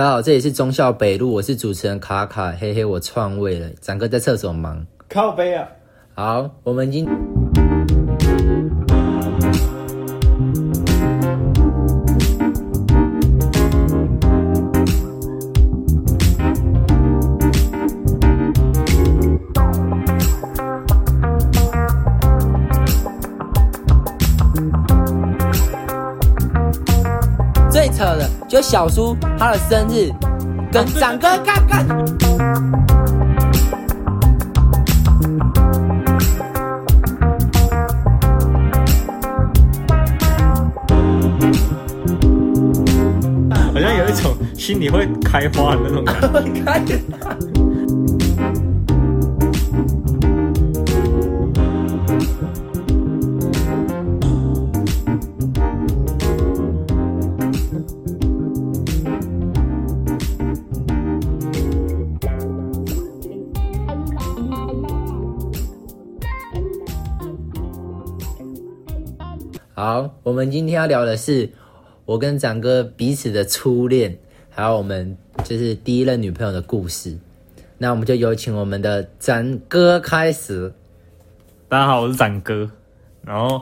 大家好，這裡是中笑北錄，我是主持人卡卡，嘿嘿，我篡位了，展哥在廁所忙，靠北啊，好，我們已經。小叔他的生日跟展哥干干，好像有一種心裡會開花的那種感覺 開。 我們今天要聊的是我跟展哥彼此的初戀，還有我們就是第一任女朋友的故事。那我們就有請我們的展哥開始。大家好，我是展哥。然後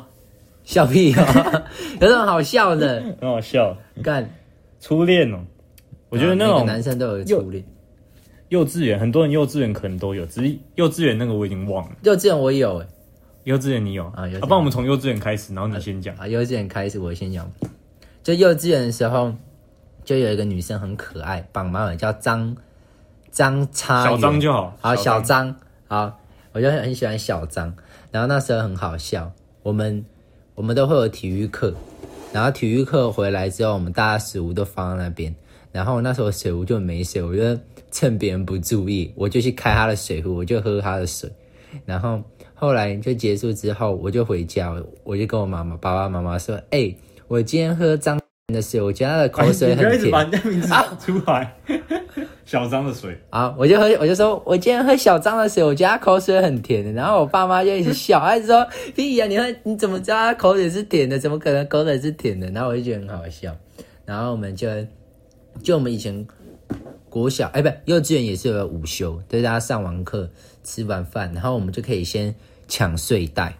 笑屁哦， 有什麼好笑的？很好笑。你看幹初戀哦，我覺得那種男生都有初戀。幼稚園，很多人幼稚園可能都有，只是幼稚園那個我已經忘了。幼稚園我有欸。幼稚園你有啊？幫、啊、我們從幼稚園開始，然後你先講啊，啊。幼稚園開始我先講，就幼稚園的時候，就有一個女生很可愛，綁馬尾叫張張差小張就好，好小張弟好，我就很喜歡小張。然後那時候很好笑，我們我們都會有體育課，然後體育課回來之後，我們大家食物都放在那邊，然後那時候水壺就沒水，我就趁別人不注意，我就去開他的水壺，我就喝他的水，然後。後來就結束之後，我就回家，我就跟我媽媽、爸爸媽媽說：“哎、欸，我今天喝張的水，我覺得他的口水很甜。欸”你一直把你的名字出來，啊、小張的水啊！我就喝，我就說，我今天喝小張的水，我覺得他口水很甜的。然後我爸媽就一直小笑，還說：“屁呀、啊，你喝你怎麼知道他口水是甜的？怎麼可能口水是甜的？”然後我就覺得很好笑。然後我們就就我們以前國小哎，欸、不，幼稚園也是有午休，就是大家上完課、吃完飯，然後我們就可以先。搶睡袋，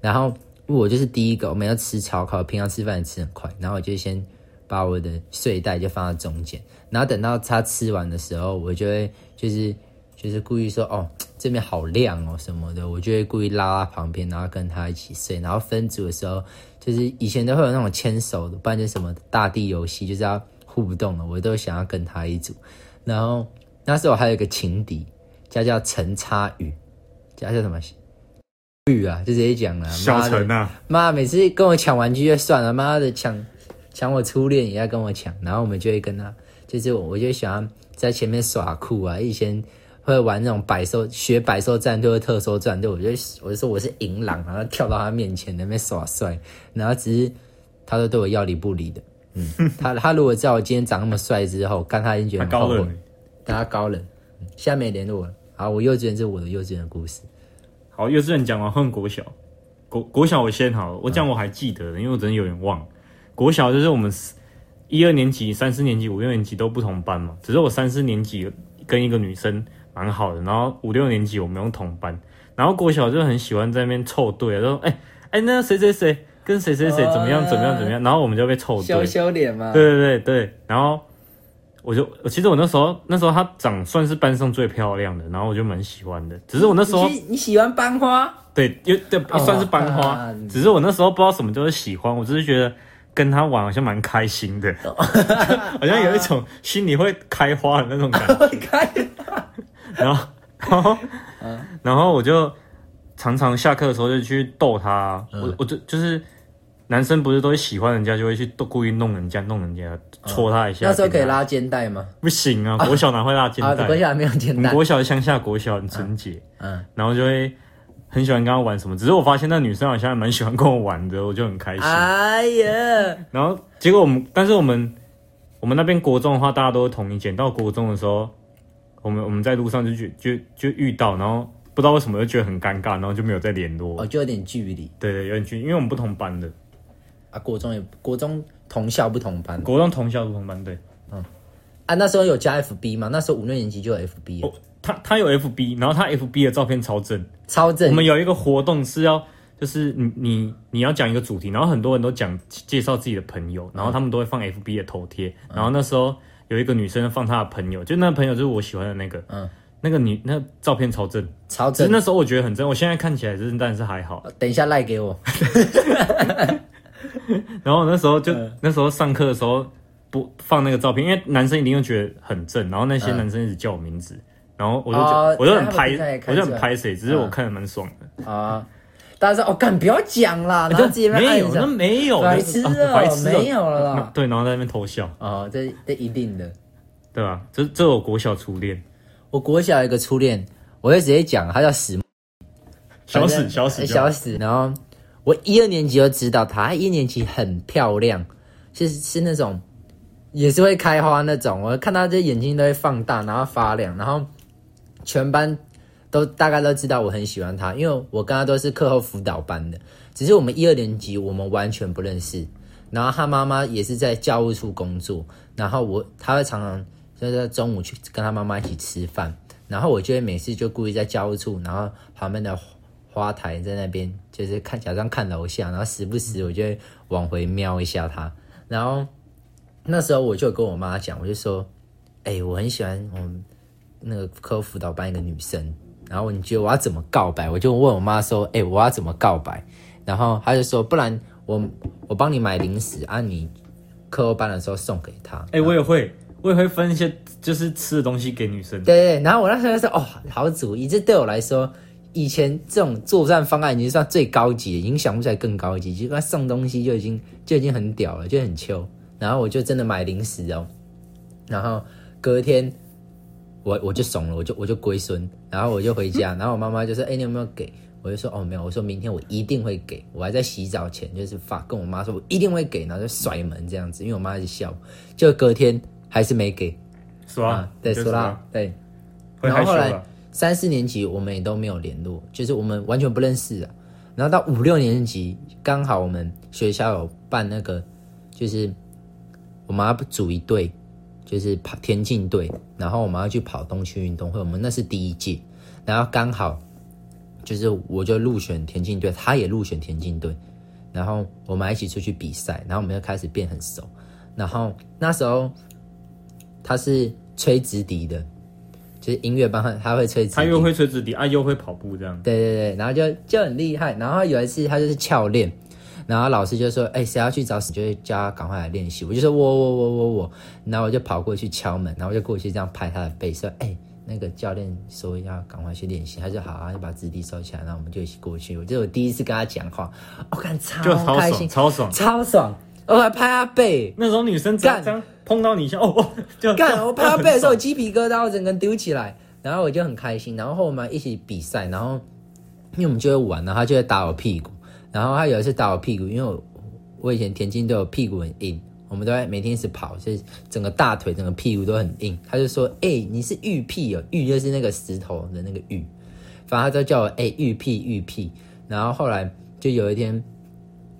然後我就是第一個。我們要吃燒烤，平常吃飯也吃很快，然後我就先把我的睡袋就放在中間，然後等到他吃完的時候，我就會就是就是故意說哦這邊好亮哦什麼的，我就會故意拉他旁邊，然後跟他一起睡。然後分組的時候，就是以前都會有那種牽手的，不然就什麼大地遊戲，就是要互動的，我都想要跟他一組。然後那時候我還有一個情敵，叫叫陳插宇，叫叫什麼？玉啊，就直接講了。小陳吶、啊，媽，每次跟我搶玩具就算了，媽的搶，搶我初戀也要跟我搶，然後我們就會跟他，就是我，我就喜歡在前面耍酷啊。以前會玩那種百獸，學百獸戰隊或特獸戰隊，我就我就說我是銀狼，然後跳到他面前那邊耍帥，然後只是他都對我要理不理的。嗯， 他他如果知道我今天長那麼帥之後，看他已經覺得很高冷，他高冷、嗯，下面聯絡我。好，我幼稚園就是我的幼稚園的故事。好，幼稚園講完換國小，國國小我先好了，我講我還記得，嗯、因為我真的有點忘。國小就是我們一、二年級、三四年級、五六年級都不同班嘛，只是我三四年級跟一個女生蠻好的，然後五六年級我們有同班，然後國小就很喜歡在那邊湊對，就說哎哎、欸欸，那誰誰誰跟誰誰誰怎麼樣怎麼樣怎麼樣，然後我們就被湊對，羞羞臉嘛，對對對對，然後。我就，其實我那時候，那時候她長算是班上最漂亮的，然後我就蠻喜歡的。只是我那時候，你,你喜歡班花？對，又，對、oh, 算是班花。Uh, 只是我那時候不知道什麼叫做喜歡，我只是覺得跟她玩好像蠻開心的，oh. 好像有一種心裡會開花的那種感覺。Oh, God. 然後，然後，uh. 然後我就常常下課的時候就去逗她、uh.，我我就就是。男生不是都會喜歡人家，就會去都故意弄人家，弄人家戳他一下，哦。那時候可以拉肩帶嗎？不行啊，啊國小哪會拉肩帶，啊啊？國小還沒有肩帶。國小鄉下，國小很純潔。嗯、啊，然後就會很喜歡跟他玩什麼。只是我發現那女生好像還蠻喜歡跟我玩的，我就很開心。哎呀、啊， 然後結果我們，但是我們，我們那邊國中的話，大家都會統一剪。到國中的時候，我們我們在路上就就就遇到，然後不知道為什麼就覺得很尷尬，然後就沒有再聯絡。哦，就有點距離。對對，有點距離，因為我們不同班的。啊，國中也國中同校不同班，國中同校不同班，對，嗯，啊，那時候有加 FB 嗎？那時候五六年級就有 FB 了，哦、他他有 FB，然後他 FB 的照片超正，超正。我們有一個活動是要，就是你你你要講一個主題，然後很多人都講介紹自己的朋友，然後他們都會放 FB 的頭貼，嗯、然後那時候有一個女生放她的朋友，嗯、就那個朋友就是我喜歡的那個，嗯那個女，那個女那照片超正，超正。那時候我覺得很正，我現在看起來真的是還好。等一下賴、like、給我。 然後那時候就那時候上課的時候不放那個照片，因為男生一定又覺得很正。然後那些男生一直叫我名字，然後我就我就很排斥，我就很排斥。只是我看的蠻爽的啊！大家說哦，幹不要講啦，那姐妹還沒有，那沒有白痴啊，沒有了。對，然後在那邊偷笑啊，這這一定的，對吧？這這我國小初戀，我國小一個初戀，我就直接講，他叫死小死小死小死，然後。我一二年級就知道她，他一年級很漂亮，是、就是那種也是會開花那種。我看他的眼睛都會放大，然後發亮，然後全班都大概都知道我很喜歡她，因為我跟她都是課後輔導班的。只是我們一二年級我們完全不認識。然後她媽媽也是在教務處工作，然後我她會常常就是在中午去跟她媽媽一起吃飯，然後我就會每次就故意在教務處，然後旁邊的。花台在那邊，就是看假裝看樓下，然後時不時我就會往回瞄一下她。然後那時候我就跟我媽講，我就說：“欸，我很喜歡我們那個課後輔導班一個女生。”然後你覺得我要怎麼告白？我就問我媽說：“欸，我要怎麼告白？”然後她就說：“不然我我幫你買零食啊，你課後班的時候送給她。”欸，哎，我也會，我也會分一些就是吃的東西給女生。對，對對，然後我那時候就說：“哦，好主意，這對我來說。”以前這種作戰方案已經算最高級了，已經想不出來更高級。就他送東西就已經就已經很屌了，就很秋。然後我就真的買零食哦、喔，然後隔天我我就慫了，我就我就龜孫，然後我就回家，然後我媽媽就說：“哎、 欸，你有沒有給？”我就說：“哦，沒有。”我說，明天我一定會給。我還在洗澡前就是發，跟我媽說：“我一定會給。”然後就甩門這樣子，因為我媽一直笑。就隔天還是沒給，是嗎啊，對，輸啦，對。然後後來。三四年級我們也都沒有聯絡，就是我們完全不認識的啊。然後到五六年級，剛好我們學校有辦那個，就是我們要組一隊，就是跑田徑隊，然後我們要去跑東區運動會。我們那是第一屆，然後剛好就是我就入選田徑隊，他也入選田徑隊，然後我們一起出去比賽，然後我們就開始變很熟。然後那時候他是吹直笛的。就是音樂班，他他會吹他又會吹直笛，他、啊、又會跑步這樣。對對對，然後就就很厲害。然後有一次他就是翹練，然後老師就說：“哎、欸，誰要去找死？就會叫他趕快來練習。”我就說：“我我我我我。”然後我就跑過去敲門，然後我就過去這樣拍他的背，說：“哎、欸，那個教練說要趕快去練習。他就好”他就好啊，就把直笛收起來。”然後我們就一起過去。我就我第一次跟他講話，我、哦、看超開心，超爽，超爽。超爽我還拍他背，那時候女生幹碰到你一下幹哦，就幹幹我拍他背的時候，雞皮疙瘩，我整個人丟起來，然後我就很開心。然後我們一起比賽，然後因為我們就會玩，然後他就會打我屁股。然後他有一次打我屁股，因為我我以前田徑都有屁股很硬，我們都在每天一直跑，所以整個大腿、整個屁股都很硬。他就說：“欸，你是玉屁哦，玉就是那個石頭的那個玉。”反正他都叫我“欸，玉屁玉屁”。然後後來就有一天，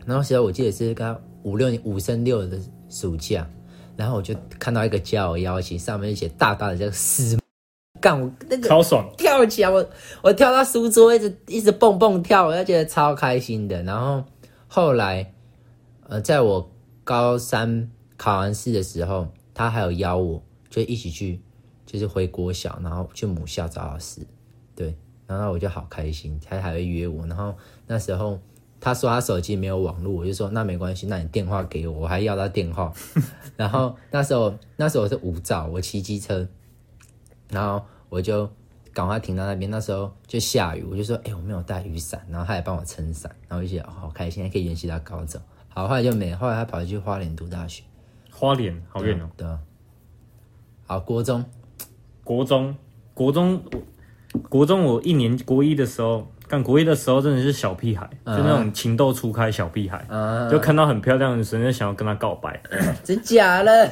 然後時候我記得是跟他。五六年五升六的暑假，然後我就看到一個交友邀請，上面寫大大的叫死“死干我”，我那個超爽，跳起來我我跳到書桌，一直一直蹦蹦跳，我就覺得超開心的。然後後來，呃，在我高三考完試的時候，他還有邀我，就一起去，就是回國小，然後去母校找老師，對，然後我就好開心，他還會約我，然後那時候。他說他手機沒有網絡，我就說那沒關係，那你電話給我，我還要他電話。 然後那時候那時候我是無照，我騎機車，然後我就趕快停到那邊。那時候就下雨，我就說哎、欸，我沒有帶雨傘，然後他也幫我撐傘，然後我就覺、哦、好開心，還可以延續到高中。好，後來就沒，後來他跑去花蓮讀大學。花蓮好遠哦、喔。對。好，國中，國中，國中，國中，我一年國一的時候。上國一的時候，真的是小屁孩，就那種情竇初開小屁孩，就看到很漂亮的女生，想要跟她告白，真假了，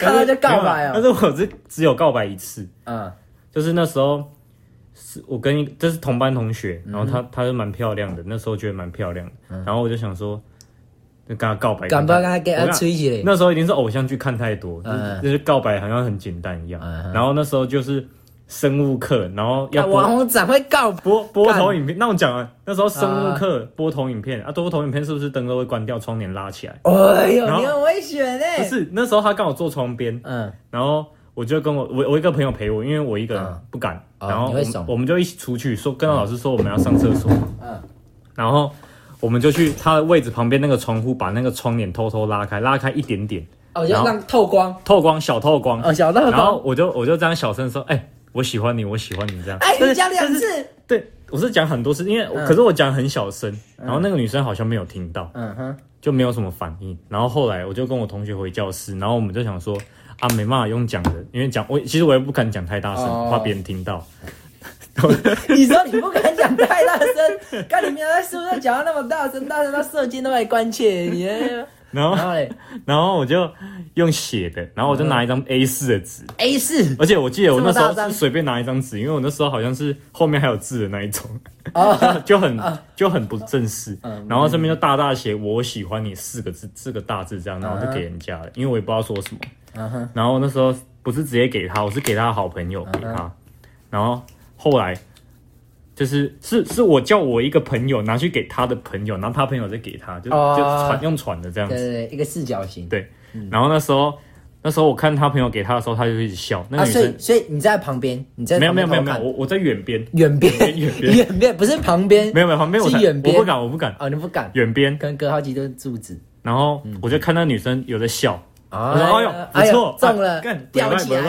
看到就告白啊！但是我只有告白一次，就是那時候是我跟就是同班同學，然後她她是蠻漂亮的，那時候覺得蠻漂亮的，然後我就想說，就跟她告白，那時候一定是偶像劇看太多，就是告白好像很簡單一樣，然後那時候就是。生物課，然後要網紅展會告播播投影片，那我講啊，那時候生物課播投影片啊，播投影片是不是燈都會關掉，窗簾拉起來？哎呦，你很危險耶！不是那時候他剛好坐窗邊，嗯，然後我就跟我我我一個朋友陪我，因為我一個人不敢，然後我們就一起出去，說跟老師說我們要上廁所，嗯，然後我們就去他的位置旁邊那個窗戶，把那個窗簾偷偷拉開，拉開一點點，哦，就讓透光，透光小透光，哦，小透光，然後我就我就這樣小聲說，哎。我喜歡你，我喜歡你，這樣。欸、你講兩次，但是，但是，對，我是講很多次，因為，嗯、可是我講很小聲，然後那個女生好像沒有聽到，嗯哼，就沒有什麼反應。然後後來我就跟我同學回教室，然後我們就想說啊，沒辦法用講的，因為講我其實我也不敢講太大聲，怕別人聽到。你說你不敢講太大聲，看 你們在宿舍講到那麼大聲，大聲到舍監都沒關切你。 然後裡然後我就用寫的，然後我就拿一張 A 四的紙，uh huh.，A 四，而且我記得我那時候是隨便拿一張紙，因為我那時候好像是後面還有字的那一種，啊、uh，huh. 就很就很不正式。Uh huh. 然後上面就大大寫“我喜歡你”四個字，四個大字這樣，然後就給人家了，uh huh. 因為我也不知道說什麼。Uh huh. 然後那時候不是直接給他，我是給他好朋友給他，uh huh. 然後後來。就是是是，我叫我一個朋友拿去給他的朋友，然後他朋友再給他，就就傳，用傳的這樣子，一個四角形，對。然後那時候那時候我看他朋友給他的時候，他就一直笑。那個女生，所以你在旁邊，你在沒有沒有沒有沒有，我我在遠邊遠邊遠邊不是旁邊，沒有沒有旁邊，我遠邊，我不敢我不敢哦，你不敢遠邊，跟隔好幾個柱子。然後我就看那女生有在笑，我說哎喲不錯中了，更吊起來。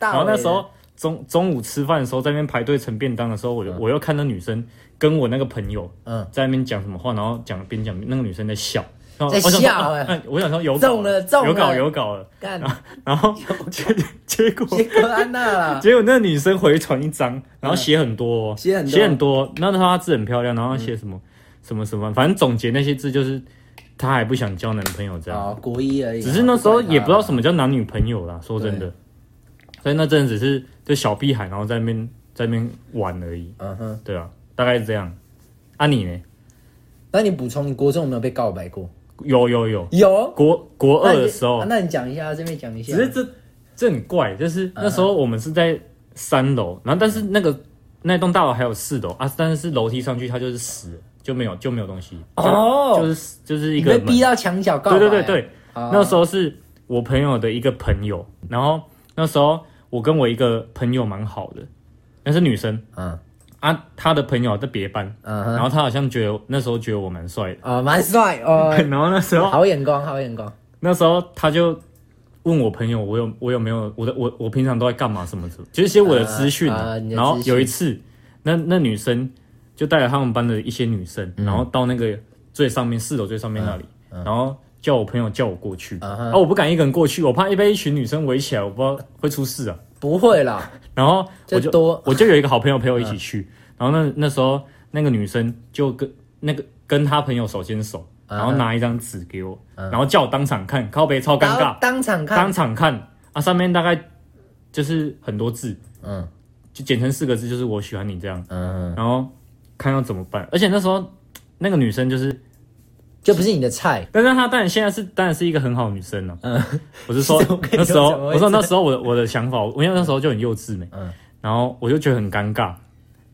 然後那時候。中中午吃飯的時候，在那邊排隊盛便當的時候，我又我又看到女生跟我那個朋友嗯在那邊講什麼話，然後講邊講那個女生在笑，在笑，我想說有搞有搞有搞了，幹，然後結果結果安娜了，結果那女生回傳一張，然後寫很多，寫很多，那她字很漂亮，然後寫什麼什麼什麼，反正總結那些字就是她還不想交男朋友這樣，國一而已，只是那時候也不知道什麼叫男女朋友啦，說真的，所以那陣子是。就小屁孩，然後在那邊在那邊玩而已。嗯哼、uh huh. 對啊，大概是這樣。啊，你呢？那你補充，國中有沒有被告白過？有有有有。有國國二的時候，那你講一下這邊講一下。其實這這很怪，就是那時候我們是在三樓，然後但是那個、uh huh. 那棟大樓還有四樓啊，但是樓梯上去，它就是死，就沒有就沒有東西哦，oh! 就是就是一個被逼到牆角告白。對對對對，oh. 那時候是我朋友的一個朋友，然後那時候。我跟我一個朋友蠻好的，那是女生，嗯啊，她的朋友在別班，嗯哼，然後她好像覺得那時候覺得我蠻帥的，啊，蠻帥哦，哦 然後那時候好眼光，好眼光。那時候她就問我朋友，我有我有沒有我的我我平常都在幹嘛什麼的什麼，就是一些我的資訊、啊。呃呃、資訊然後有一次，那那女生就帶了他們班的一些女生，嗯、然後到那個最上面四樓最上面那裡，嗯嗯、然後。叫我朋友叫我過去，uh huh. 啊！我不敢一個人過去，我怕一被一群女生圍起來，我不知道會出事啊。不會啦。 然後就多我就多，我就有一個好朋友陪我一起去。Uh huh. 然後那那時候那個女生就跟那個跟她朋友手牽手，然後拿一張紙給我，uh huh. 然後叫我當場看，靠北超尷尬。Uh huh. 當場看，當場看啊！上面大概就是很多字，嗯、uh，huh. 就簡稱四個字，就是我喜歡你這樣。嗯、uh。Huh. 然後看要怎麼辦？而且那時候那個女生就是。就不是你的菜，但是她當然現在是，當然是一個很好的女生了，啊。嗯，我是說我那時候，我說那時候我的我的想法，我因為那時候就很幼稚，欸、嗯、然後我就覺得很尷尬，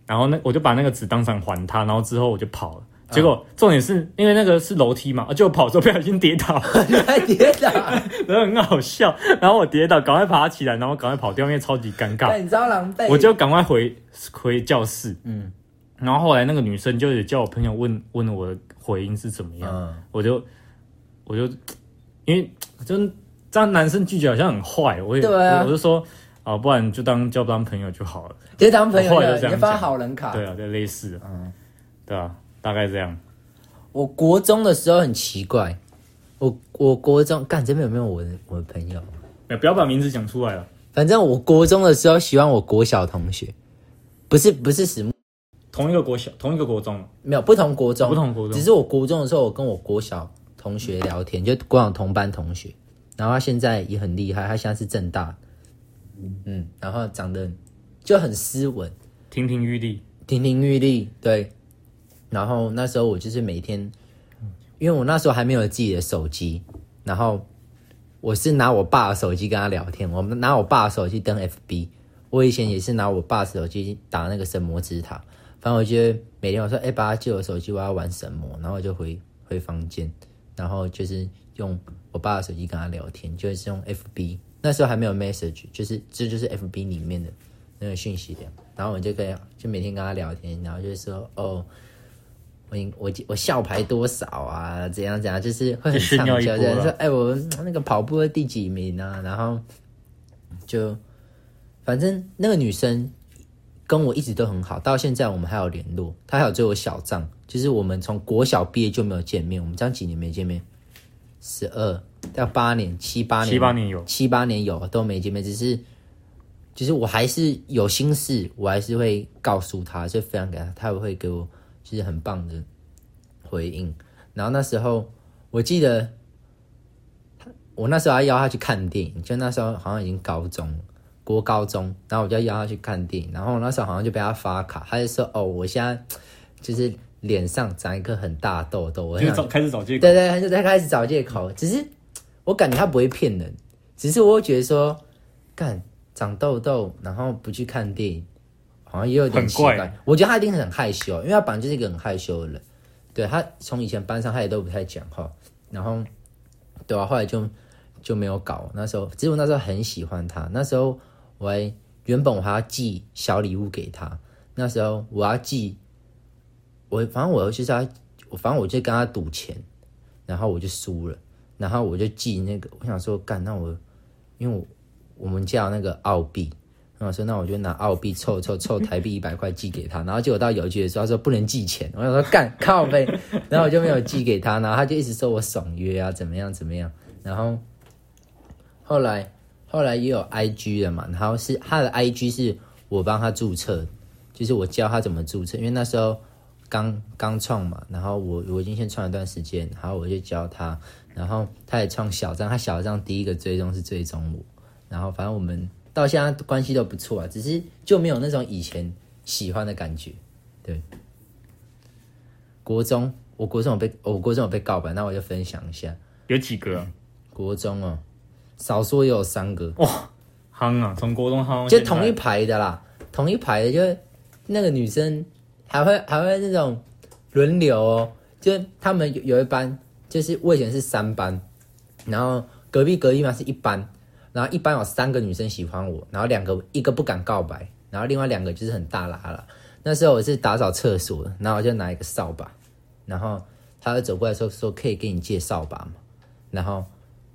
然後那我就把那個紙當場還他，然後之後我就跑了。嗯、結果重點是因為那個是樓梯嘛，啊就跑的時候不小心跌倒了， 你還跌倒， 然後很好笑。然後我跌倒，趕快爬起來，然後趕快跑掉，因為超級尷尬，你知道狼狽，欸，我就趕快回回教室。嗯，然後後來那個女生就也叫我朋友問問了我的。回應是怎麼樣？嗯、我就我就因為這樣男生拒絕好像很壞，我也對、啊、我就說啊，不然就當交不當朋友就好了。其實當朋友這樣，你發好人卡，對啊，就類似，嗯，對啊，大概這樣。我國中的時候很奇怪，我我國中看這邊有沒有我的我的朋友、啊？不要把名字講出來了。反正我國中的時候喜歡我國小同學，不是不是實木。同一個國小，同一個國中，沒有不，中有不同國中，不同國中。只是我國中的時候，我跟我國小同學聊天，嗯、就國小同班同學。然後他現在也很厲害，他現在是政大，嗯，嗯，然後長得就很斯文，亭亭玉立，亭亭玉立。對，然後那時候我就是每天，因為我那時候還沒有自己的手機，然後我是拿我爸的手機跟他聊天。我們拿我爸的手機登 FB，我以前也是拿我爸的手機打那個神魔之塔。然後我就每天我說哎，爸借我手機，我要玩什麼？然後我就回回房間，然後就是用我爸的手機跟他聊天，就是用 FB，那時候還沒有 message，就是這就，就是 FB 裡面的那個訊息聊。然後我就可以，就每天跟他聊天，然後就是說哦，我我我校排多少啊？怎樣怎樣？就是會很撒嬌，就是說哎、欸，我那個跑步的第幾名啊？然後就反正那個女生。跟我一直都很好，到現在我們還有聯絡，他還有追我小賬，就是我們從國小畢業就沒有見面，我們這樣幾年沒見面，十二到八年，七八年七八年有七八年有都沒見面，只是，就是我還是有心事，我還是會告訴他，就分享給他，他也會給我就是很棒的回應。然後那時候我記得，我那時候還邀他去看電影，就那時候好像已經高中了。國高中，然後我就邀他去看電影，然後那時候好像就被他發卡，他就說：“哦，我現在就是臉上長一顆很大痘痘。”我就開始找借口，對對、嗯，他就在開始找借口。只是我感覺他不會騙人，只是我覺得說幹長痘痘，然後不去看電影，好像也有點奇怪。我覺得他一定很害羞，因為他本來就是一個很害羞的人。對，他從以前班上他也都不太講話，然後對啊，後來就就沒有搞。那時候，只是我那時候很喜歡他，那時候。喂，原本我還要寄小禮物給他，那時候我要寄，我反正我就是要，我反正我就跟他賭錢，然後我就輸了，然後我就寄那個，我想說幹，那我，因為我我們叫那個澳幣，然後我說，那我就拿澳幣湊湊湊台幣一百塊寄給他，然後結果到郵局的時候，他說不能寄錢，我想說幹靠北，然後我就沒有寄給他，然後他就一直說我爽約啊，怎麼樣怎麼樣，然後後來。後來也有 IG 了嘛，然後是他的 IG 是我幫他注冊，就是我教他怎麼注冊，因為那時候剛剛創嘛，然後我我已經先創一段時間，然後我就教他，然後他也創小帳，他小帳第一個追蹤是追蹤我，然後反正我們到現在關係都不錯啊，只是就沒有那種以前喜歡的感覺，對。國中，我國中我被我國中我被告白，那我就分享一下，有幾個啊？嗯、國中哦、喔。少說也有三個哇，夯啊，從高中夯就同一排的啦，同一排的就那個女生還會還會那種輪流、喔，就他們有一班就是我以前是三班，然後隔壁隔壁嘛，是一班，然後一班有三個女生喜歡我，然後兩個一個不敢告白，然後另外兩個就是很大拉了。那時候我是打掃廁所，然後我就拿一個掃把，然後他就走過來說說，可以給你借掃把嗎，然後。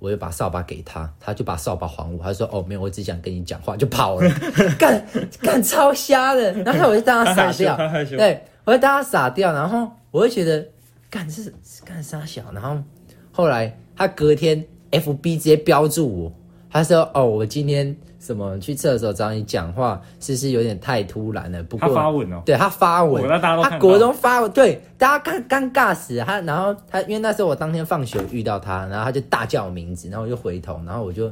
我就把掃把給他，他就把掃把還我，他說：“哦，沒有，我只想跟你講話，就跑了。 ”幹幹超瞎的，然後他我就當他傻掉，對我就當他傻掉，然後我就覺得幹這是幹啥小，然後後來他隔天 F B 直接標注我。他說：“哦，我今天什麼去廁所找你講話，是不是有點太突然了？不過他發文哦，對他發文，我他國中發文，對大家尷尷尬死了他。然後他因為那時候我當天放學遇到他，然後他就大叫我名字，然後我就回頭，然後我就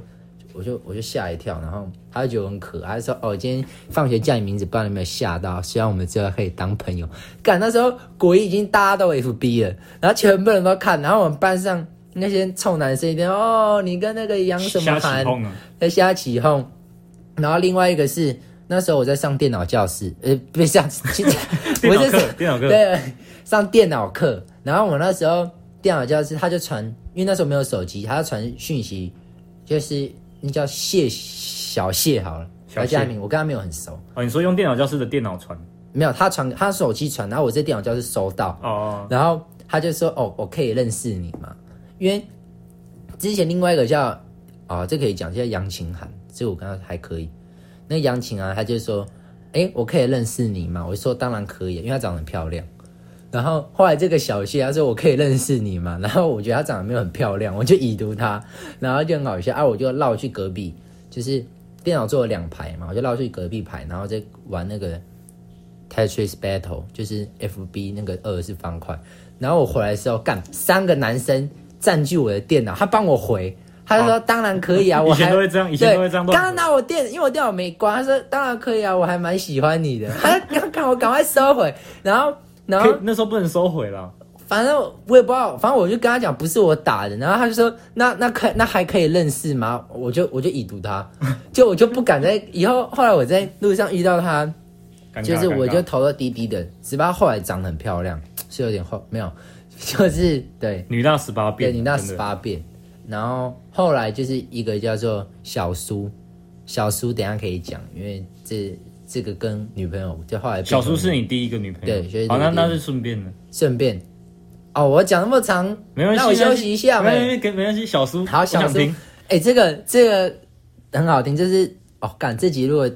我就我就嚇一跳。然後他就覺得很可愛，他說：‘哦，今天放學叫你名字，不知道有沒有嚇到？’希望我們之後可以當朋友，幹那時候鬼已經搭到 FB 了，然後全部人都看，然後我們班上。”.那些臭男生一邊哦，你跟那個楊什麼涵在瞎起鬨，然後另外一個是那時候我在上電腦教室，呃、欸，不是這樣子， 電腦課課，就是、電腦課，對，上電腦課。然後我那時候電腦教室他就傳，因為那時候沒有手機，他傳訊息，就是那叫謝小謝好了，小謝安敏，我跟他沒有很熟哦。你說用電腦教室的電腦傳？沒有，他傳他手機傳，然後我在電腦教室收到哦，哦，哦，然後他就說哦，我可以認識你嗎？因為之前另外一個叫哦，這可以講一下楊晴涵，所以我跟他還可以。那楊晴啊，他就說：“哎、欸，我可以認識你嗎？”我說：“當然可以。”因為他長得很漂亮。然後後來這個小謝他說：“我可以認識你嘛？”然後我覺得他長得沒有很漂亮，我就已讀他。然後就很搞笑啊，我就繞去隔壁，就是電腦坐了兩排嘛，我就繞去隔壁排，然後在玩那個 Tetris Battle，就是 F B 那個二是方塊。然後我回來的時候，幹三個男生。佔據我的電腦，他幫我回，他就說、啊、當然可以啊，我以前都會這樣，以前都會這樣。剛剛還對拿我電，因為我電腦沒關，他說當然可以啊，我還蠻喜歡你的。 他要趕我趕快收回，然後然後那時候不能收回了，反正我也不知道，反正我就跟他講不是我打的，然後他就說那那可那還可以認識嗎？我就我就已讀他，就我就不敢在 以後，後來我在路上遇到他，啊、就是我就頭都低低的，只不過後來長得很漂亮，是有點後沒有。就是對，對，女大十八變，對，女大十八變。然後後來就是一個叫做小蘇，小蘇等下可以講，因為這這個跟女朋友就後來小蘇是你第一個女朋友，對，好、喔，那那是順便了順便哦，我講那麼長，沒關係，那我休息一下沒，沒沒關係，小蘇好，想聽哎、欸，這個這個很好聽，就是哦，幹，這集如果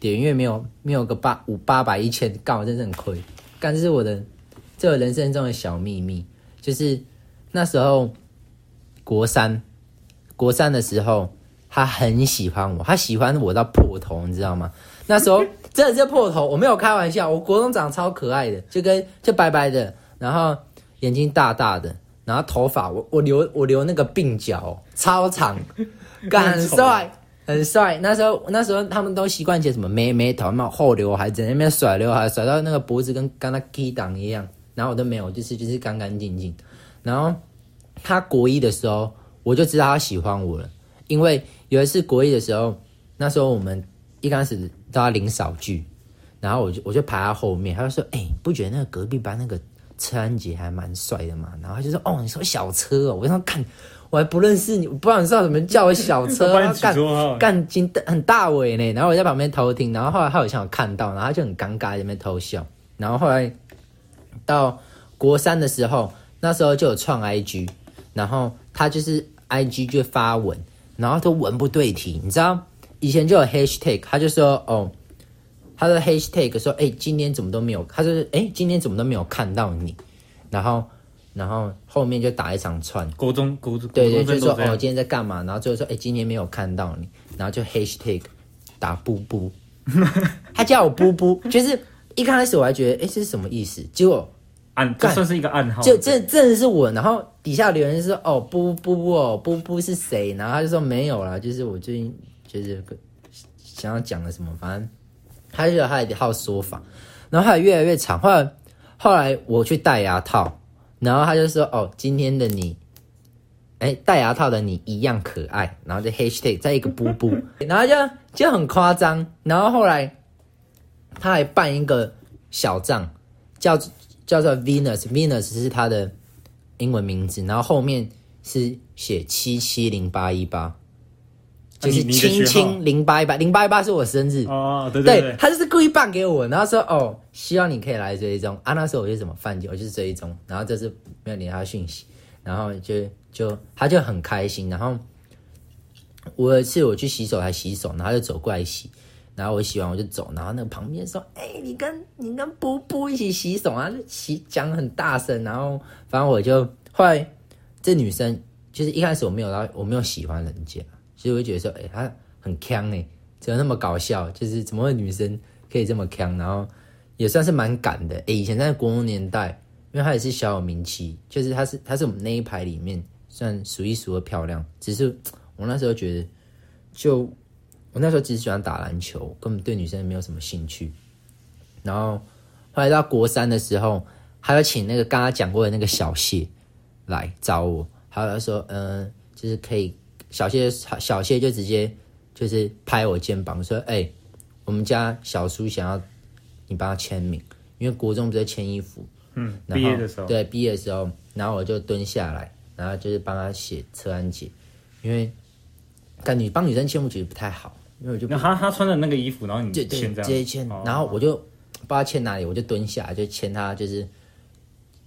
點閱沒有沒有個八五八百一千，幹我真是很虧，但、就是我的。這人生中的小秘密，就是那時候國三，國三的時候，他很喜歡我，他喜歡我到破頭，你知道嗎？那時候真的是破頭，我沒有開玩笑。我國中長超可愛的，就跟就白白的，然後眼睛大大的，然後頭髮我我留我留那個鬢角超長，很帥醜很帥。很帥 那時候那時候他們都習慣剪什麼妹妹頭嘛，有有後瀏海還在那邊甩劉海，甩到那個脖子跟跟剛 K 檔一樣。然後我都沒有，就是就是乾乾淨淨。然後他國一的時候，我就知道他喜歡我了，因為有一次國一的時候，那時候我們一開始都要領掃具，然後我就我就排他後面，他就說：“哎、欸，不覺得那個隔壁班那個車安杰還蠻帥的嘛？”然後他就說：“哦，你說小車哦，我跟他幹，我還不認識你，我不知道你知道怎麼叫我小車， 啊、幹 幹金很大尾呢。然後我在旁邊偷聽，然後後來他好像有看到，然後他就很尷尬在那邊偷笑，然後後來。到國三的時候，那時候就有創 IG，然後他就是 IG 就發文，然後都文不對題，你知道？以前就有 Hashtag，他就說哦，他的 Hashtag 說，哎、欸，今天怎麼都沒有，他就說，哎、欸，今天怎麼都沒有看到你，然後，然後後面就打一場串，國中國中，國中，對對，國中就說哦，喔、今天在幹嘛？國中然後最後說，哎、欸，今天沒有看到你，然後就 Hashtag 打布布， 他叫我布布，就是。一開始我還覺得，哎、欸，這是什麼意思？結果暗對這算是一個暗號，就這這對 是我。然後底下留言說，對 哦，不不不哦，不不是誰。然後他就說沒有啦，就是我最近就是想要講了什麼，反正他就有他的好說法。然後他也越來越長。後來後來我去戴牙套，然後他就說，哦，今天的你，哎、欸，戴牙套的你一樣可愛。然後就 hashtag 再一個不不， 然後就就很誇張。然後後來。他還辦一個小賬，叫叫做 Venus，Venus 是他的英文名字，然後後面是寫七七零八一八，就是親親零八一八零八一八是我生日哦，對對,對,對他就是故意辦給我，然後說哦，希望你可以來追蹤，啊。那時候我就怎麼犯賤，我就追蹤，然後就是沒有連他的訊息，然後就就他就很開心，然後我有一次我去洗手台洗手，然後他就走過來洗。然後我洗完我就走，然後那個旁邊說：“哎、欸，你跟你跟布布一起洗手啊？”洗講很大聲，然後反正我就，後來這女生就是一開始我沒有，我沒有喜歡人家，所以我就覺得說，哎、欸，她很 can 哎，怎麼那麼搞笑？就是怎麼會女生可以這麼 can？然後也算是蠻敢的。哎、欸，以前在國中年代，因為她也是小有名氣，就是她是她是我們那一排裡面算數一數二漂亮。只是我那時候覺得就。我那時候只是喜歡打籃球，根本對女生沒有什麼興趣。然後後來到國三的時候，他就請那個剛剛講過的那個小謝來找我，他就說，嗯，就是可以。小謝小謝就直接就是拍我肩膀說：“哎、欸，我們家小叔想要你幫他簽名，因為國中不是簽衣服，嗯，然後對，畢業的時候，然後我就蹲下來，然後就是幫他寫車安姐，因為跟女幫女生簽名其實不太好。”因為就他他穿的那個衣服，然後你就簽這樣，這好然後我就不知道簽哪裡，我就蹲下就簽他，就簽他，就是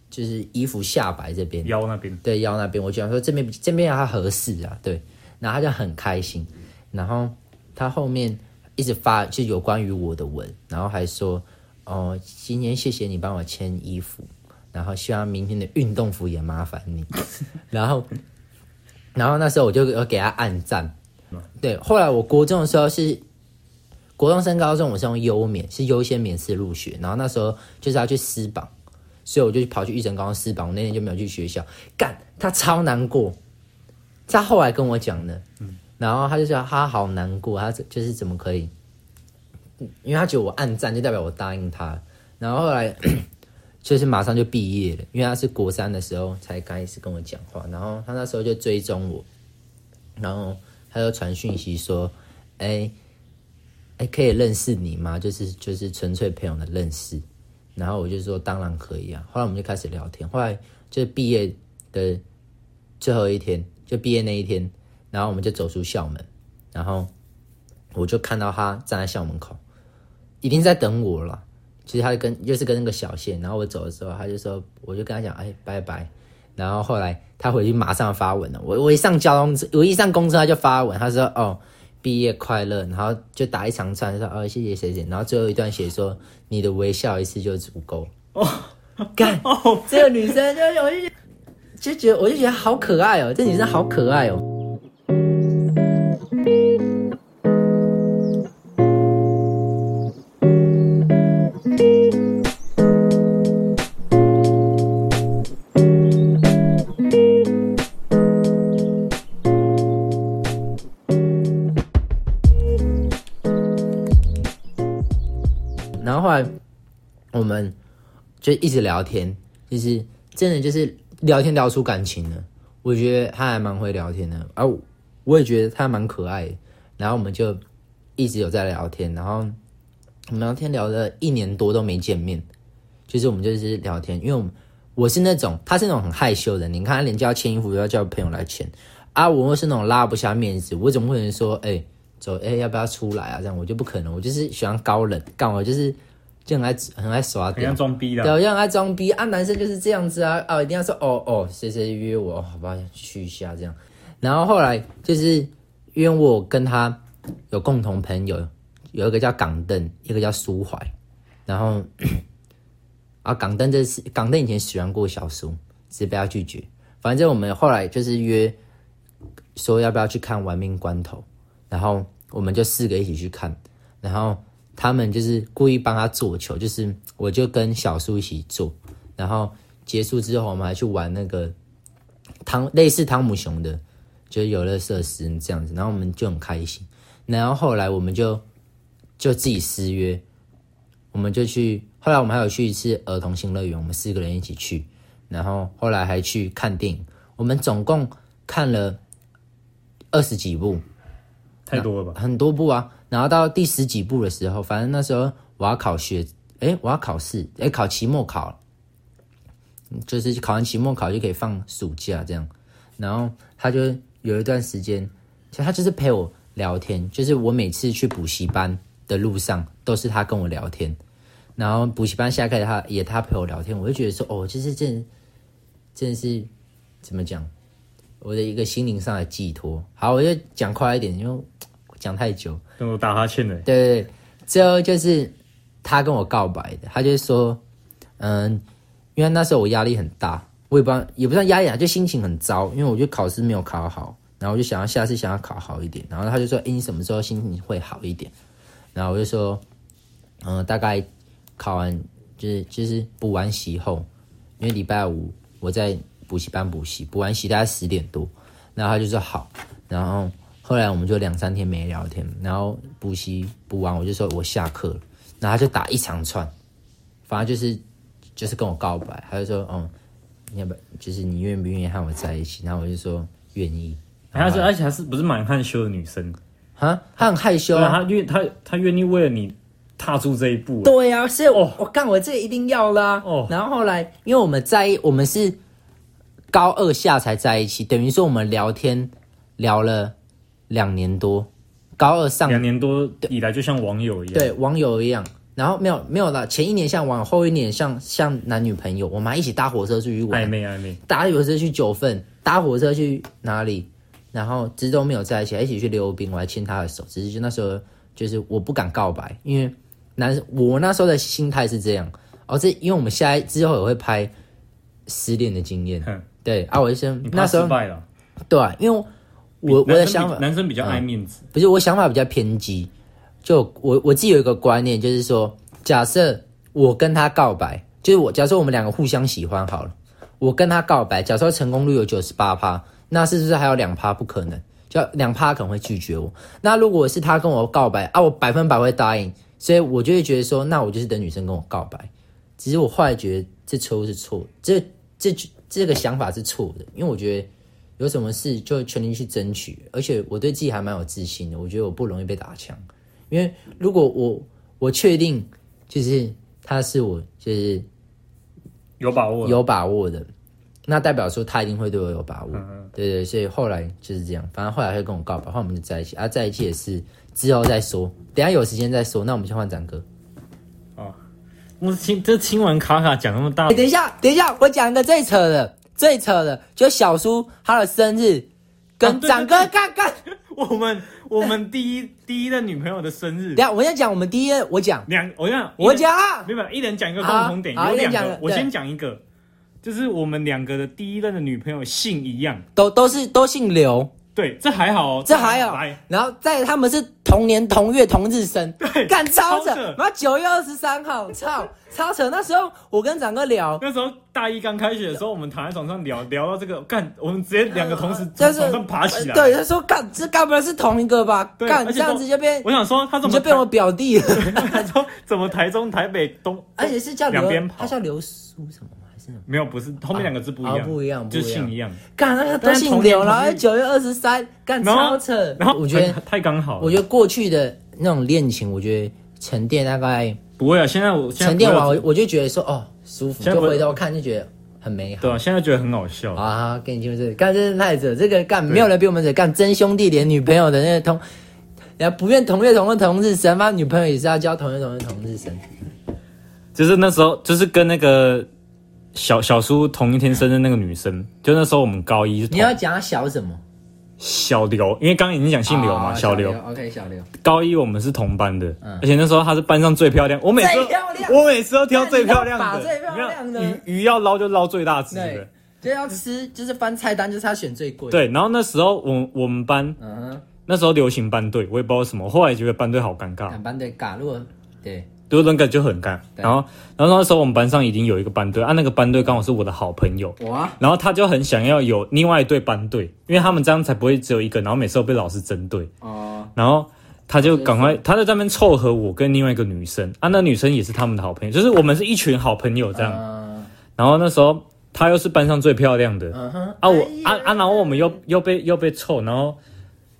就是衣服下擺這邊腰那邊，對腰那邊，我就想說這邊這邊要他合適啊，對，然後他就很開心，然後他後面一直發就有關於我的文，然後還說哦今天謝謝你幫我簽衣服，然後希望明天的運動服也麻煩你， 然後然後那時候我就有給他按讚。對，後來我國中的時候是國中升高中，我是用優免，是優先免試入學。然後那時候就是要去撕榜，所以我就跑去育成高中撕榜。我那天就沒有去學校，幹他超難過。他後來跟我講的，嗯，然後他就說他好難過，他就是怎麼可以，因為他覺得我按讚就代表我答應他。然後後來 就是馬上就畢業了，因為他是國三的時候才開始跟我講話，然後他那時候就追蹤我，然後。他就傳訊息說：“哎、欸，哎、欸，可以認識你嗎？就是就是純粹朋友的認識。”然後我就說：“當然可以啊。”後來我們就開始聊天。後來就畢業的最後一天，就畢業那一天，然後我們就走出校門，然後我就看到他站在校門口，已經在等我了。其實他就跟，又是跟那個小謝。然後我走的時候，他就說：“我就跟他講，哎、欸，拜拜。”然後後來他回去馬上發文了，我我一上交通，我一上公車他就發文，他說，哦，畢業快樂，然後就打一長串說，哦，謝謝學姐，然後最後一段寫說 你的微笑一次就足夠哦，幹，哦，這個女生就有一點，就覺得我就覺得好可愛哦，這女生好可愛哦。就一直聊天，就是真的就是聊天聊出感情了。我覺得他還蠻會聊天的，啊，我也覺得他還蠻可愛的。然後我們就一直有在聊天，然後我們聊天聊了一年多都沒見面，就是我們就是聊天，因為我，們，我是那種，他是那種很害羞的人，你看他連叫牽衣服都要叫朋友來牽。啊，我又是那種拉不下面子，我怎麼會能說，哎、欸，走，哎、欸，要不要出來啊？這樣我就不可能，我就是喜歡高冷，幹嘛就是。就很愛很愛耍，很愛裝逼的、啊，對很愛裝逼啊！男生就是這樣子啊！哦、啊，一定要說哦哦，誰、哦、誰約我，哦、好不好，去一下這樣。然後後來就是因為我跟他有共同朋友，有一個叫港燈，一個叫蘇懷。然後 啊，港燈就是港燈以前喜歡過小蘇，只是被他拒絕。反正我們後來就是約說要不要去看《玩命關頭》，然後我們就四個一起去看，然後。他們就是故意幫他做球，就是我就跟小叔一起做，然後結束之後，我們還去玩那個湯，類似湯姆熊的，就是遊樂設施這樣子，然後我們就很開心。然後後來我們就就自己私約，我們就去，後來我們還有去一次兒童新樂園，我們四個人一起去，然後後來還去看電影，我們總共看了二十幾部，太多了吧？很多部啊。然後到第十幾步的時候，反正那時候我要考學，誒，我要考試，誒，考期末考，就是考完期末考就可以放暑假這樣。然後他就有一段時間，其實他就是陪我聊天，就是我每次去補習班的路上都是他跟我聊天。然後補習班下課他，他也他陪我聊天，我就覺得說，哦，就是真的真的是怎麼講，我的一個心靈上的寄托。好，我就講快一點，因為。想太久，跟我打哈欠了。對對，最後就是他跟我告白的，他就說，嗯，因為那時候我壓力很大，我也不知道也不算壓力啊，就心情很糟，因為我覺得考試沒有考好，然後我就想要下次想要考好一點，然後他就說，哎、欸，你什麼時候心情會好一點？然後我就說，嗯，大概考完就是就是補完習後，因為禮拜五我在補習班補習，補完習大概十點多，然後他就說好，然後。後來我們就兩三天沒聊天，然後補習補完，我就說我下課，然後他就打一長串，反正就是就是跟我告白，他就說，哦、嗯，你要不就是你願不願意和我在一起？然後我就說願意。然後他說，而且還是不是蠻害羞的女生啊？他很害羞，啊他啊，他願意，他願意為了你踏出這一步。對呀，啊，所以哦，我幹、oh.，我這一定要啦。哦，oh. 然後後來，因為我們在我們是高二下才在一起，等於說我們聊天聊了。兩年多，高二上兩年多以來就像網友一樣，對網友一樣。然後沒有沒有了，前一年像往後一年像像男女朋友，我們還一起搭火車出去玩，曖昧曖昧，搭火車去九份，搭火車去哪裡，然後直都沒有在一起，還一起去溜冰，我還牽他的手，只是就那時候就是我不敢告白，因為男我那時候的心態是這樣。哦，這因為我們現在之後也會拍失戀的經驗，呵對阿維生那時候，對，因為我。我我的想法，男生比較愛面子，嗯、不是我想法比較偏激。就我我自己有一個觀念，就是說，假設我跟他告白，就是我假設我們兩個互相喜歡好了，我跟他告白，假設成功率有九十八趴，那是不是還有兩趴不可能？就兩趴可能會拒絕我。那如果是他跟我告白啊，我百分百會答應，所以我就會覺得說，那我就是等女生跟我告白。只是我後來覺得這錯是錯，這這這個想法是錯的，因為我覺得。有什麼事就全力去爭取，而且我對自己還蠻有自信的。我覺得我不容易被打槍，因為如果我我確定，就是他是我就是有把握有把握的，那代表說他一定會對我有把握。嗯嗯對，對對，所以後來就是這樣，反正後來他跟我告白，後來我們就在一起啊，在一起也是之後再說，等下有時間再說。那我們先換展哥。哦，我聽這聽完卡卡講那麼大，欸，等一下等一下，我講一個最扯的。最扯的就小叔他的生日，跟、啊、對對對，展哥剛剛 我們我們第一 第一任女朋友的生日。等下我先講我們第一，我講兩，我講我講，明白、啊？一人講一個共同點，啊、有兩個，啊、個我先講一個，對就是我們兩個的第一任的女朋友姓一樣，都都是都姓劉。對，這還好，這還好。然後在他們是同年同月同日生，對，幹超扯，然後九月二十三號，操，超扯。那時候我跟展哥聊，那時候大一剛開學的時候，我們躺在床上聊，聊到這個，幹，我們直接兩個同時從床上爬起來。對，他說，幹，這該不會是同一個吧？幹，這樣子就變，我想說他怎麼直接變我表弟？他說怎麼台中台北東，而且是叫劉，他叫劉蘇什麼？沒有，不是後面兩個字不一樣，不一樣，就姓一樣。幹，那都姓劉，然後九月二十三，幹超扯。然後我覺得太剛好。我覺得過去的那種戀情，我覺得沉澱大概不會啊。現在我沉澱完，我我就覺得說哦，舒服。就回頭看，就覺得很美好。對啊，現在覺得很好笑啊。跟你講，就是幹真耐子這個幹沒有人比我們這幹真兄弟連女朋友的那些同，要不願同月同日同日生，那女朋友也是要交同月同日同日生。就是那時候，就是跟那個。小小叔同一天生的那個女生，就那時候我們高一。你要講她小什麼？小劉，因為剛剛已經講姓劉嘛，小劉。OK，小劉。高一我們是同班的，而且那時候她是班上最漂亮，我每次我每次都挑最漂亮的，最漂亮的。魚魚要撈就撈最大只的，就要吃就是翻菜單就是她選最貴的。對，然後那時候我我們班，那時候流行班隊，我也不知道什麼，後來覺得班隊好尷尬。尬對。就人格就很乾，然後，然後那時候我們班上已經有一個班隊，啊，那個班隊剛好是我的好朋友，然後他就很想要有另外一對班隊，因為他們這樣才不會只有一個，然後每次都被老師針對，哦，然後他就趕快，他在這邊湊合我跟另外一個女生，啊，那女生也是他們的好朋友，就是我們是一群好朋友這樣，然後那時候他又是班上最漂亮的，啊我啊啊，然後我們又又被又被湊，然後。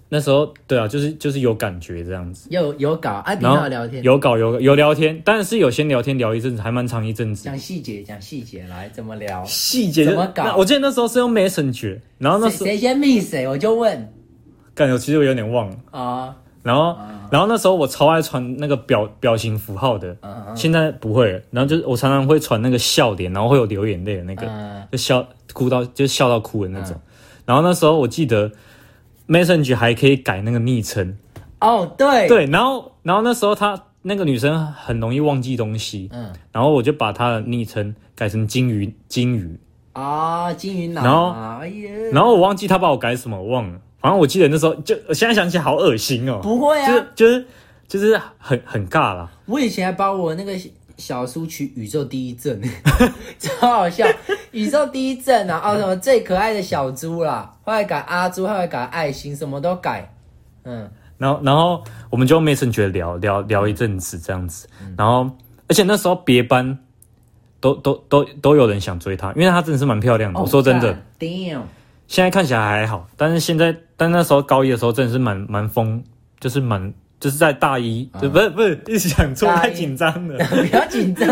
那時候，對啊，就是就是有感覺這樣子，有有搞啊，你要聊天，有搞、啊、有搞有，有聊天，但是有先聊天聊一陣子，還蠻長一陣子，講細節講細節來怎麼聊，細節怎麼搞？我記得那時候是用 Messenger，然後那誰先 Miss 誰、欸，我就問，感覺其實我有點忘了啊。哦、然後、嗯、然後那時候我超愛傳那個表表情符號的，嗯嗯現在不會了。然後就是我常常會傳那個笑點然後會有流眼淚的那個，嗯、就笑哭到就笑到哭的那種。嗯、然後那時候我記得。Messenger 還可以改那個昵稱，哦、oh, 對對，然後然後那時候她那個女生很容易忘記東西，嗯，然後我就把她的昵稱改成金魚金魚啊、oh, 金魚男啊，哎，然後我忘記她把我改什麼忘了，反正我記得那時候就現在想起來好惡心哦、喔，不會啊。就，就是就是就是很很尬啦，我以前還把我那個。小蘇取宇宙第一鎮， 超好笑！宇宙第一鎮啊，後、 哦、什麼最可愛的小豬啦，後來改阿豬，後來改愛心，什麼都改。嗯，然後然後我們就沒成覺得聊聊聊一陣子這樣子。嗯、然後而且那時候別班都都都都有人想追她，因為她真的是蠻漂亮的。Oh, 我說真的，damn. 現在看起來還好，但是現在但那時候高一的時候真的是蠻蠻瘋，就是蠻。就是在大一，啊、就不是不是，一想出來太緊張了， 不要緊張，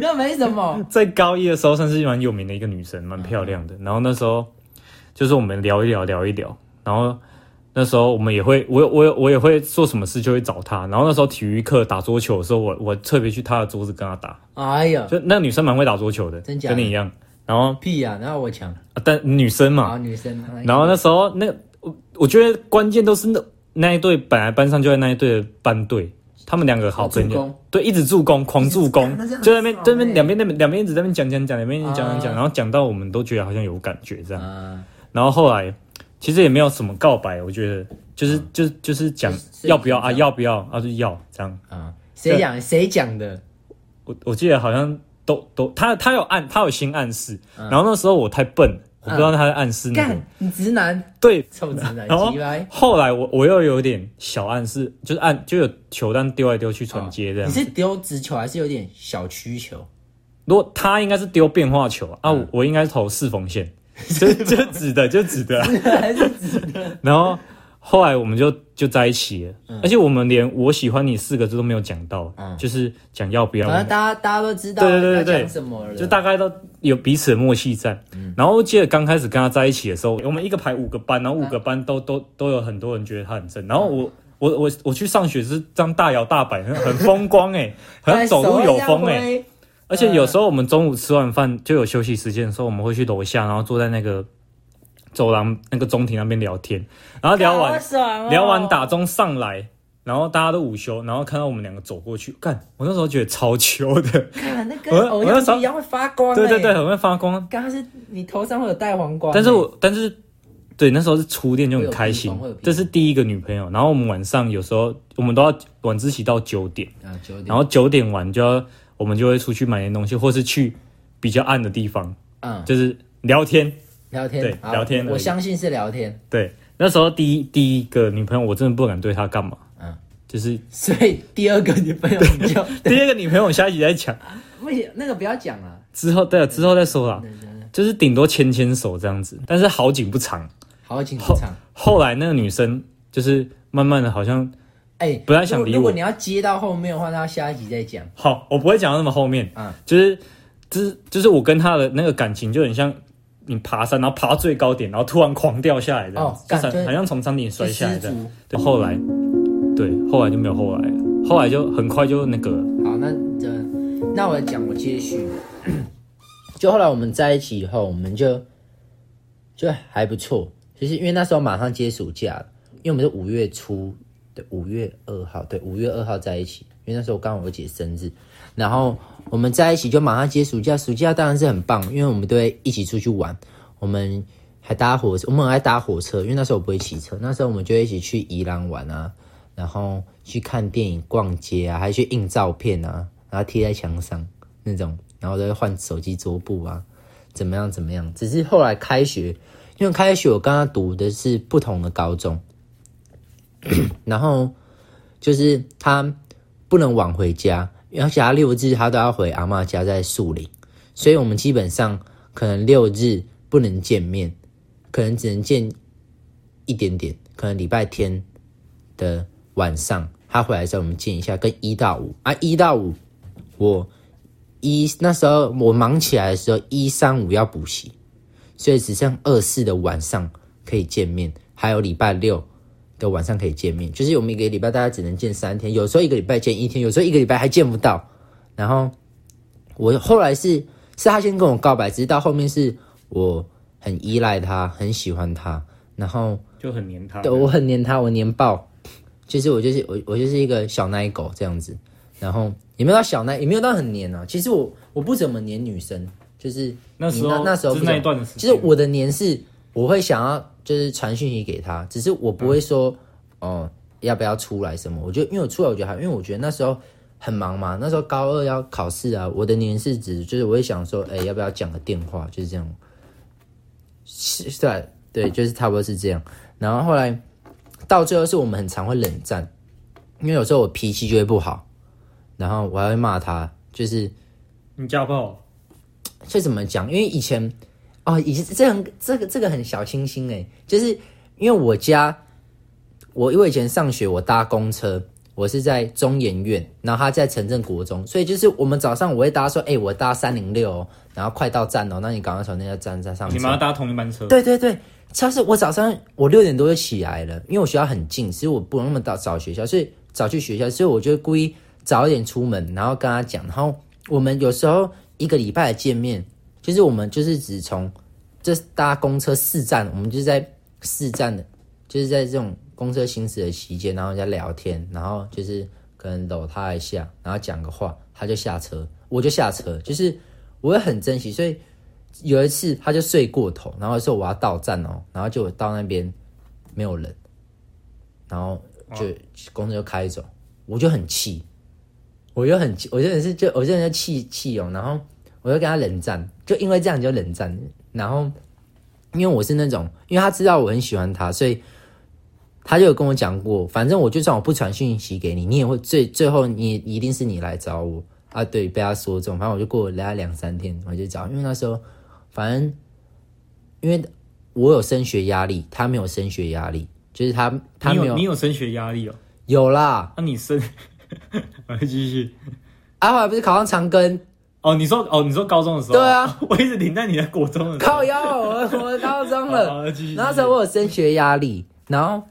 又沒什麼。在高一的時候，算是蠻有名的一個女生，蠻漂亮的。啊、然後那時候就是我們聊一聊，聊一聊。然後那時候我們也會，我我我也會做什麼事就會找她。然後那時候體育課打桌球的時候，我我特別去她的桌子跟她打。啊、哎呀，就那個女生蠻會打桌球的，真假的跟你一樣。然後屁呀、啊，然後我搶、啊。但女生嘛，女生。啊、然後那時候那我我覺得關鍵都是那。那一隊本來班上就在那一隊的班隊，他們兩個好朋友對，一直助攻狂助攻，就那邊對面兩邊那邊兩邊一直在那邊講講講，兩邊講講講，然後講到我們都覺得好像有感覺這樣，然後後來其實也沒有什麼告白，我覺得就是就是就是講要不要啊要不要啊就要這樣啊，誰講誰講的？我我記得好像都都他他有暗他有心暗示，然後那時候我太笨。我不知道他在暗示那種。幹，你直男。對，臭直男。哦，後來我我又有點小暗示，就是按就有球單丟來丟去傳接這樣。你是丟直球還是有點小曲球？如果他應該是丟變化球啊，啊，我應該是投四縫線，就就直的就直的， 還是直指的。 然後。後來我們就就在一起了，嗯、而且我們連“我喜歡你”四個字都沒有講到，嗯、就是講要不要、啊。大家大家都知道、啊，對對對，對就大概都有彼此的默契在。嗯、然後記得剛開始跟他在一起的時候，我們一個排五個班，然後五個班都、啊、都都有很多人覺得他很正。然後我、嗯、我我我，我去上學是這樣大搖大擺，很風光哎、欸， 很像走路有風哎、欸。 而且有時候我們中午吃完飯就有休息時間的時候，我們會去樓下，然後坐在那個。走廊那個中庭那邊聊天，然後聊完、喔、聊完打鐘上來，然後大家都午休，然後看到我們兩個走過去，幹，我那時候覺得超糗的，那個、我那時候一樣會、欸、會發光，對對對，會發光。剛剛是你頭上會有帶皇冠、欸，但是我但是對那時候是初戀就很開心，這是第一個女朋友。然後我們晚上有時候我們都要晚自習到九點，啊九點，然後九點完就要我們就會出去買點東西，或是去比較暗的地方，嗯，就是聊天。聊天，對聊天，我相信是聊天。對，那時候第一第一個女朋友，我真的不敢對她幹嘛，嗯，就是所以第二個女朋友，第二個女朋友，下一集再講，不行，那個不要講了。之後對啊，之後再說啦，就是頂多牽牽手這樣子，但是好景不長，好景不長。後來那個女生就是慢慢的，好像哎，不太想理我。如果你要接到後面的話，那下一集再講。好，我不會講到那麼後面，嗯，就是就是就是我跟她的那個感情就很像。你爬到山，然後爬最高點，然後突然狂掉下來這樣，的、哦，好很就像好像從山頂摔下來的。就對，後來，對，後來就沒有後來了，後來就很快就那個。嗯、好，那那我講我接續。 就後來我們在一起以後，我們就就還不錯。其、就、實、是、因為那時候馬上接暑假了，因為我們是五月初，對，五月二號，對，五月二號在一起。因為那時候剛好我姐生日。然後我們在一起就馬上接暑假，暑假當然是很棒，因為我們都會一起出去玩。我們還搭火車，我們還搭火車，因為那時候我不會騎車，那時候我們就一起去宜蘭玩啊，然後去看電影、逛街啊，還去印照片啊，然後貼在牆上那種，然後都會換手機桌布啊，怎麼樣怎麼樣。只是後來開學，因為開學我跟他讀的是不同的高中，然後就是他不能晚回家。然後其他六日他都要回阿嬤家在樹林，所以我們基本上可能六日不能見面，可能只能見一點點。可能禮拜天的晚上他回來的時候我們見一下，跟一到五啊，一到五我一那時候我忙起來的時候一三五要補習，所以只剩二四的晚上可以見面，還有禮拜六，就晚上可以見面，就是我們一個禮拜大家只能見三天，有時候一個禮拜見一天，有時候一個禮拜還見不到。然後我後來是是他先跟我告白，直到後面是我很依賴他，很喜歡他，然後就很黏他。對，我很黏他，我黏爆。其實我就是我我就是一個小奶狗這樣子。然後也沒有到小奶，也沒有到很黏啊。其實我我不怎麼黏女生，就是那，那時候那時候是那一段的時，其實我的黏是。我會想要就是傳訊息給他，只是我不會說，嗯、哦，要不要出來什麼，我就因為我出來我覺得還好，因為我覺得那時候很忙嘛，那時候高二要考試啊，我的年事值就是我會想說，哎，要不要講個電話，就是這樣，是，對，對，就是差不多是這樣。然後後來到最後是我們很常會冷戰，因為有時候我脾氣就會不好，然後我還會罵他，就是你家暴？這怎麼講？因為以前。哦，已經這樣這個、這個、這個很小清新欸，就是因為我家，我因為以前上學我搭公車，我是在中研院，然後他在城鎮國中，所以就是我們早上我會搭說，哎、欸，我搭三零六，然後快到站哦，那你趕快從那個站在上面。你們搭同一班車？對對對，其實我早上我六點多就起來了，因為我學校很近，所以我不用那麼早早學校，所以早去學校，所以我就會故意早一點出門，然後跟他講，然後我們有時候一個禮拜的見面。就是我們就是只從這搭公車四站，我們就是在四站的，就是在這種公車行駛的期間，然後在聊天，然後就是可能摟他一下，然後講個話，他就下車，我就下車，就是我也很珍惜。所以有一次他就睡過頭，然後說我要到站哦，然後就到那邊沒有人，然後就公車就開走，我就很氣，我就很就，我就很是就我就很氣氣哦，然後。我就跟他冷戰，就因為這樣就冷戰。然後，因為我是那種，因為他知道我很喜歡他，所以他就有跟我講過，反正我就算我不傳訊息給你，你也會最最後你，你一定是你來找我啊。對，被他說中，反正我就過，聊了兩三天，我就找。因為那時候，反正因為我有升學壓力，他沒有升學壓力，就是他，他沒有。你有，你有升學壓力哦？有啦。那、啊、你升，我 繼續。阿華、啊、不是考上長庚？哦，你說哦，你說高中的時候。對啊，我一直停在你的國中的時候。靠腰，我我高中了。好的，繼續。那時候我有升學壓力，然後，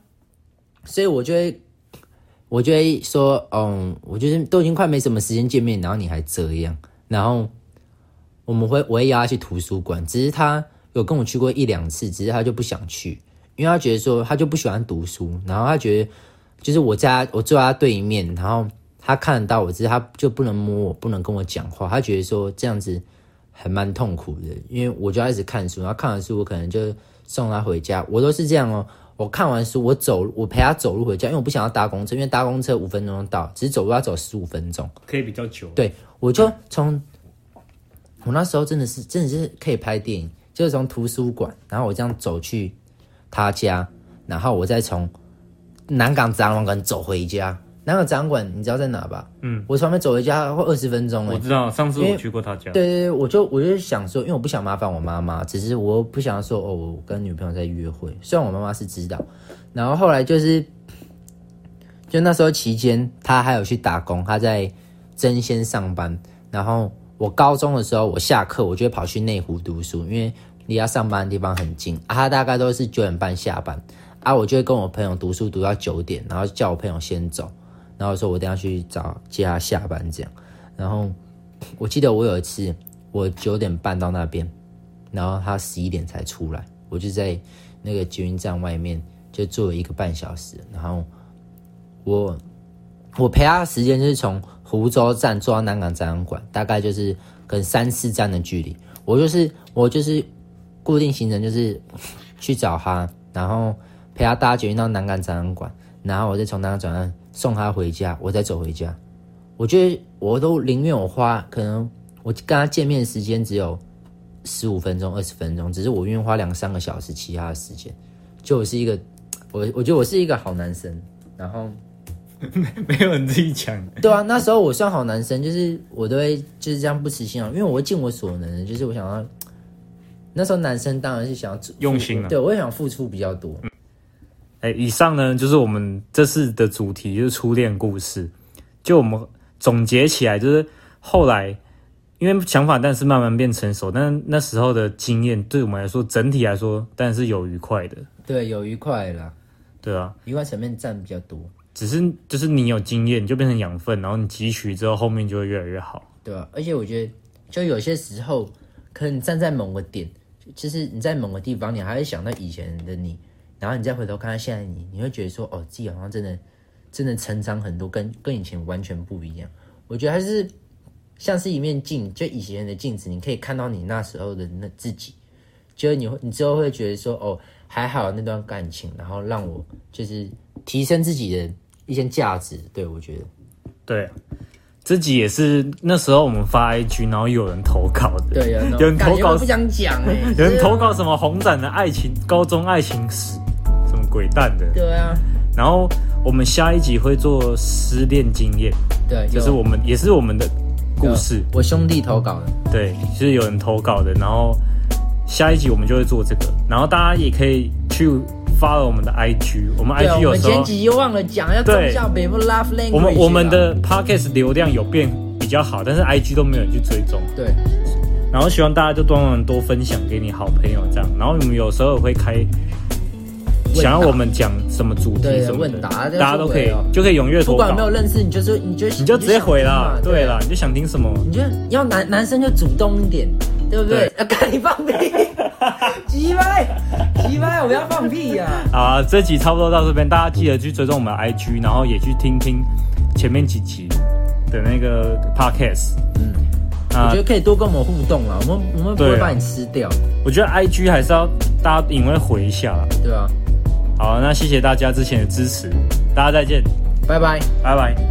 所以我就會，我就會說，嗯，我覺得都已經快沒什麼時間見面，然後你還這樣，然後我們會，我會邀他去圖書館，只是他有跟我去過一兩次，只是他就不想去，因為他覺得說他就不喜歡讀書，然後他覺得就是我在，我坐在他對面，然後。他看得到我，只是他就不能摸我，不能跟我講話。他覺得說這樣子還蠻痛苦的，因為我就要一直看書。然後看完書，我可能就送他回家。我都是這樣哦。我看完書，我走，我陪他走路回家，因為我不想要搭公車，因為搭公車五分鐘到，只是走路要走十五分鐘，可以比較久。對，我就從，我那時候真的是真的是可以拍電影，就是從圖書館，然後我這樣走去他家，然後我再從南港展覽館走回家。那個展哥你知道在哪吧？嗯，我從那邊走回家會二十分鐘了。我知道，上次我去過他家。對，對對，我就我就想說，因為我不想麻煩我媽媽，只是我不想說哦，我跟女朋友在約會。雖然我媽媽是知道。然後後來就是，就那時候期間，他還有去打工，他在爭鮮上班。然後我高中的時候，我下課我就會跑去內湖讀書，因為離他上班的地方很近。啊，他大概都是九點半下班，啊，我就會跟我朋友讀書讀到九點，然後叫我朋友先走。然後說，我等一下去找接他下班這樣。然後我記得我有一次，我九點半到那邊，然後他十一點才出來，我就在那個捷運站外面就坐了一個半小時。然後我我陪他的時間就是從葫洲站坐到南港展覽館，大概就是跟三四站的距離。我就是我就是固定行程，就是去找他，然後陪他搭捷運到南港展覽館，然後我就從南港轉。送她回家，我再走回家。我覺得我都寧願我花，可能我跟她見面時間只有十五分鐘、二十分鐘，只是我願意花兩三個小時，其他的時間就我是一個，我我覺得我是一個好男生。然後沒沒有人自己講。對啊，那時候我算好男生，就是我都會就是這樣不辭辛勞，因為我會盡我所能，就是我想要。那時候男生當然是想要用心了，啊，對，我也想付出比較多。嗯哎，以上呢就是我們這次的主題，就是初戀故事。就我們總結起來，就是後來，因為想法，但是慢慢變成熟，但那時候的經驗，對我們來說，整體來說，但是有愉快的。對，有愉快啦，對啊，愉快層面佔比較多。只是，就是你有經驗，你就變成養分，然後你汲取之後，後面就會越來越好，對啊，而且我覺得，就有些時候，可能你站在某個點，就其實，你在某個地方，你還會想到以前的你。然後你再回頭看看現在你，你會覺得說，哦，自己好像真的，真的成長很多，跟跟以前完全不一樣。我覺得還是像是一面鏡，就以前的鏡子，你可以看到你那時候的那自己。就你，你之後會覺得說，哦，還好那段感情，然後讓我就是提升自己的一些價值。對，我覺得，對，自己也是，那時候我們發 IG，然後有人投稿的，對呀、啊，有人投稿我不想講、欸、 有人投稿什麼紅展的愛情，高中愛情史。鬼蛋的對啊，然後我們下一集會做失戀經驗，對，就是我們也是我們的故事。我兄弟投稿的，對，就是有人投稿的。然後下一集我們就會做這個，然後大家也可以去發了我們的 I G，我們 I G 有時候我們前幾集又忘了講，要講對 Love Language 我們我們的 Podcast 流量有變比較好，對但是 I G 都沒有人去追蹤。對，然後希望大家就多多分享給你好朋友這樣，然後我們有時候會開。想要我們講什麼主題？什麼問答，大家都可以，就可以踴躍。不管沒有認識，你就是你就你就直接回了，對了，你就想聽什麼？你就要男男生就主動一點，對不對？要趕緊放屁，機掰，機掰，我們要放屁呀！啊，這集差不多到這邊，大家記得去追蹤我們的 I G，然後也去聽聽前面幾集的那個 Podcast。嗯，啊，我覺得可以多跟我們互動啊，我們我們不會把你吃掉。我覺得 I G 還是要大家也會回一下，對吧？好，那謝謝大家之前的支持，大家再見，拜拜，拜拜。